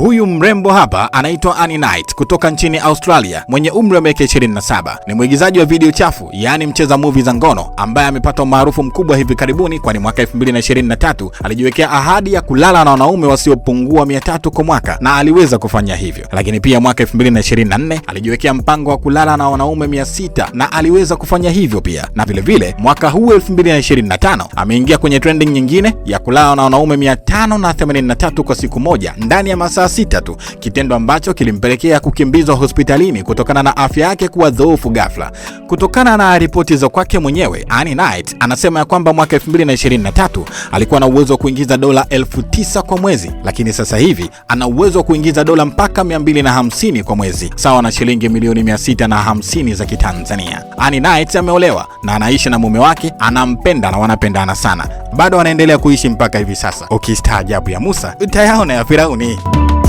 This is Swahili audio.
Huyu mrembo hapa anaitwa Annie Knight kutoka nchini Australia mwenye umri wa miaka 27. Ni mwigizaji wa video chafu, yaani mcheza movie za ngono ambaye amepata umaarufu mkubwa hivi karibuni, kwani mwaka 2023 alijiwekea ahadi ya kulala na wanaume wasiopungua 300 kwa mwaka na aliweza kufanya hivyo. Lakini pia mwaka 2024 alijiwekea mpango wa kulala na wanaume 600 na aliweza kufanya hivyo pia. Na vilevile mwaka huu 2025 ameingia kwenye trending nyingine ya kulala na wanaume 583 kwa siku moja ndani ya masaa sita tu, kitendo ambacho kilimpelekea kukimbizwa hospitalini kutokana na afya yake kuwa dhoofu ghafla. Kutokana na ripoti za kwake mwenyewe, Annie Knight anasema ya kwamba mwaka 2023 alikuwa na uwezo wa kuingiza dola elfu tisa kwa mwezi, lakini sasa hivi ana uwezo wa kuingiza dola mpaka 250 kwa mwezi, sawa na shilingi milioni 650 za Kitanzania. Annie Knight ameolewa na anaishi na mume wake, anampenda na wanapendana sana, bado wanaendelea kuishi mpaka hivi sasa. Ukistaajabu ya Musa utayaona ya Firauni.